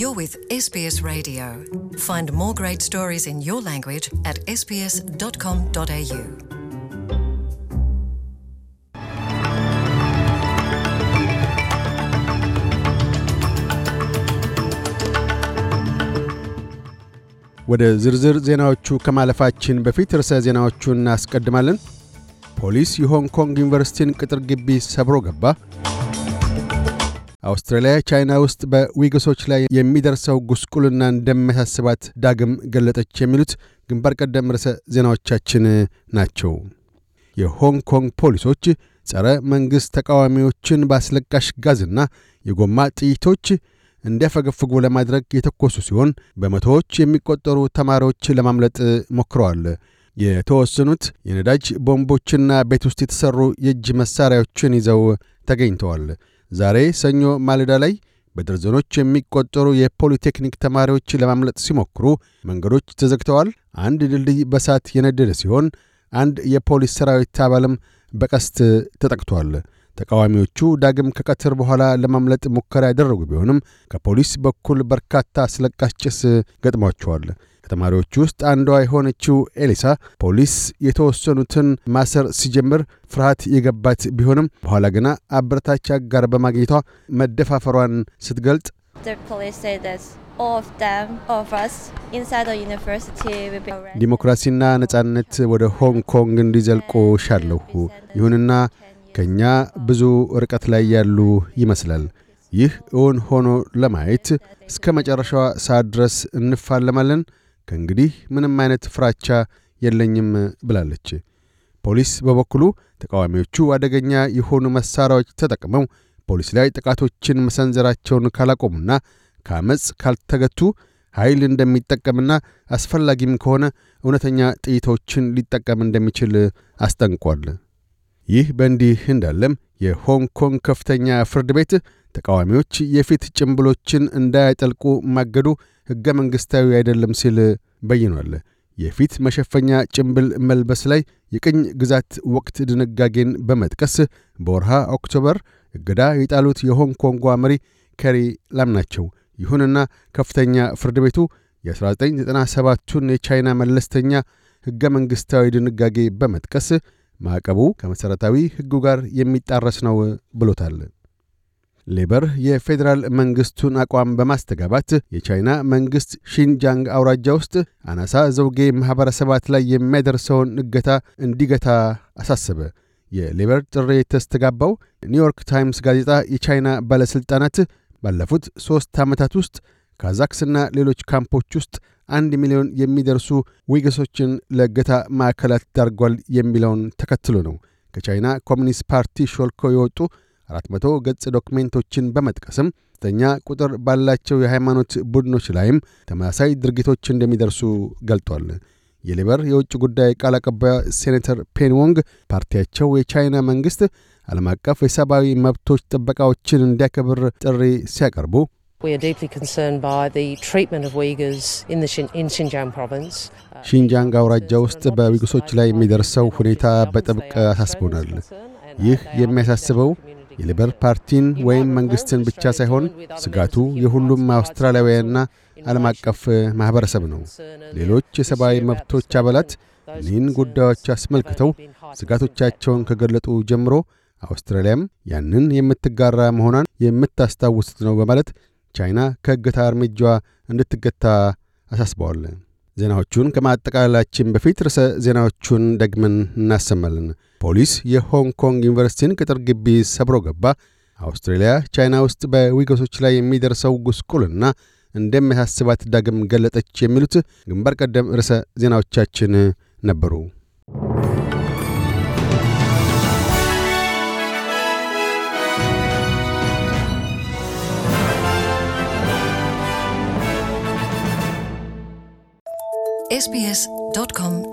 You're with SBS Radio. Find more great stories in your language at sbs.com.au. ወደ ዝርዝር ዜናዎቹ ከማለፋችን በፊት ርዕሰ ዜናዎቹን እናስቀድማለን። ፖሊስ የሆንግ ኮንግ ዩኒቨርሲቲን ቅጥር ግቢ ሰብሮ ገባ። አውስትራሊያ ቻይና ውስጥ በዊግሶች ላይ የሚደርሰው ጉስቁልና እንደሚያሳስባት ዳግም ገለጠች። የሚሉት ግንባር ቀደም ርዕሰ ዜናዎቻችን ናቸው። የሆንግ ኮንግ ፖሊሶች ጸረ መንግሥት ተቃዋሚዎችን በአስለቃሽ ጋዝና የጎማ ጥይቶች እንዲያፈገፍጉ ለማድረግ የተኮሱ ሲሆን በመቶዎች የሚቆጠሩ ተማሪዎች ለማምለጥ ሞክረዋል። የተወሰኑት የነዳጅ ቦምቦችና ቤት ውስጥ የተሠሩ የእጅ መሣሪያዎችን ይዘው ተገኝተዋል። ዛሬ ሰኞ ማለዳ ላይ በደርዘኖች የሚቆጠሩ የፖሊቴክኒክ ተማሪዎች ለማምለጥ ሲሞክሩ መንገዶች ተዘግተዋል። አንድ ድልድይ በሳት የነደደ ሲሆን አንድ የፖሊስ ሰራዊት አባልም በቀስት ተጠቅቷል። ተቃዋሚዎቹ ዳግም ከቀትር በኋላ ለማምለጥ ሙከራ ያደረጉ ቢሆንም ከፖሊስ በኩል በርካታ አስለቃሽ ጭስ ገጥሟቸዋል። ተማሪዎች ውስጥ አንዷ የሆነችው ኤሊሳ ፖሊስ የተወሰኑትን ማሰር ሲጀምር ፍርሃት የገባት ቢሆንም በኋላ ግና አበረታች አጋር በማግኘቷ መደፋፈሯን ስትገልጥ ዲሞክራሲና ነጻነት ወደ ሆንግ ኮንግ እንዲዘልቁ ሻለሁ። ይሁንና ከእኛ ብዙ ርቀት ላይ ያሉ ይመስላል። ይህ እውን ሆኖ ለማየት እስከ መጨረሻዋ ሰዓት ድረስ እንፋለማለን። ከእንግዲህ ምንም አይነት ፍራቻ የለኝም ብላለች። ፖሊስ በበኩሉ ተቃዋሚዎቹ አደገኛ የሆኑ መሣሪያዎች ተጠቅመው ፖሊስ ላይ ጥቃቶችን መሰንዘራቸውን ካላቆሙና ከአመፅ ካልተገቱ ኃይል እንደሚጠቀምና አስፈላጊም ከሆነ እውነተኛ ጥይቶችን ሊጠቀም እንደሚችል አስጠንቋል። ይህ በእንዲህ እንዳለም የሆንግ ኮንግ ከፍተኛ ፍርድ ቤት ተቃዋሚዎች የፊት ጭምብሎችን እንዳያጠልቁ ማገዱ ሕገ መንግሥታዊ አይደለም ሲል በይኗል። የፊት መሸፈኛ ጭምብል መልበስ ላይ የቅኝ ግዛት ወቅት ድንጋጌን በመጥቀስ በወርሃ ኦክቶበር እገዳ የጣሉት የሆንግ ኮንጓ መሪ ከሪ ላም ናቸው። ይሁንና ከፍተኛ ፍርድ ቤቱ የ1997ቱን የቻይና መለስተኛ ሕገ መንግሥታዊ ድንጋጌ በመጥቀስ ማዕቀቡ ከመሠረታዊ ሕጉ ጋር የሚጣረስ ነው ብሎታል። ሌበር የፌዴራል መንግስቱን አቋም በማስተጋባት የቻይና መንግስት ሺንጃንግ አውራጃ ውስጥ አናሳ ዘውጌ ማኅበረሰባት ላይ የሚያደርሰውን እገታ እንዲገታ አሳሰበ። የሌበር ጥሪ የተስተጋባው ኒውዮርክ ታይምስ ጋዜጣ የቻይና ባለሥልጣናት ባለፉት ሦስት ዓመታት ውስጥ ካዛክስና ሌሎች ካምፖች ውስጥ አንድ ሚሊዮን የሚደርሱ ዊገሶችን ለእገታ ማዕከላት ዳርጓል የሚለውን ተከትሎ ነው። ከቻይና ኮሚኒስት ፓርቲ ሾልኮ የወጡ 400 ገጽ ዶክሜንቶችን በመጥቀስም ከፍተኛ ቁጥር ባላቸው የሃይማኖት ቡድኖች ላይም ተመሳሳይ ድርጊቶች እንደሚደርሱ ገልጧል። የሊበር የውጭ ጉዳይ ቃል አቀባዩ ሴኔተር ፔን ዎንግ ፓርቲያቸው የቻይና መንግሥት ዓለም አቀፍ የሰብአዊ መብቶች ጥበቃዎችን እንዲያከብር ጥሪ ሲያቀርቡ ሺንጃንግ አውራጃ ውስጥ በዊጉሶች ላይ የሚደርሰው ሁኔታ በጥብቅ አሳስቦናል። ይህ የሚያሳስበው የሊበር ፓርቲን ወይም መንግሥትን ብቻ ሳይሆን ስጋቱ የሁሉም አውስትራሊያውያንና ዓለም አቀፍ ማኅበረሰብ ነው። ሌሎች የሰብአዊ መብቶች አባላት እኒህን ጉዳዮች አስመልክተው ስጋቶቻቸውን ከገለጡ ጀምሮ አውስትራሊያም ያንን የምትጋራ መሆኗን የምታስታውስት ነው በማለት ቻይና ከእገታ እርምጃዋ እንድትገታ አሳስበዋል። ዜናዎቹን ከማጠቃላላችን በፊት ርዕሰ ዜናዎቹን ደግመን እናሰማለን። ፖሊስ የሆንግ ኮንግ ዩኒቨርሲቲን ቅጥር ግቢ ሰብሮ ገባ። አውስትሬልያ ቻይና ውስጥ በዊገሶች ላይ የሚደርሰው ጉስቁልና እንደሚያሳስባት ዳግም ገለጠች። የሚሉት ግንባር ቀደም ርዕሰ ዜናዎቻችን ነበሩ። sbs.com.au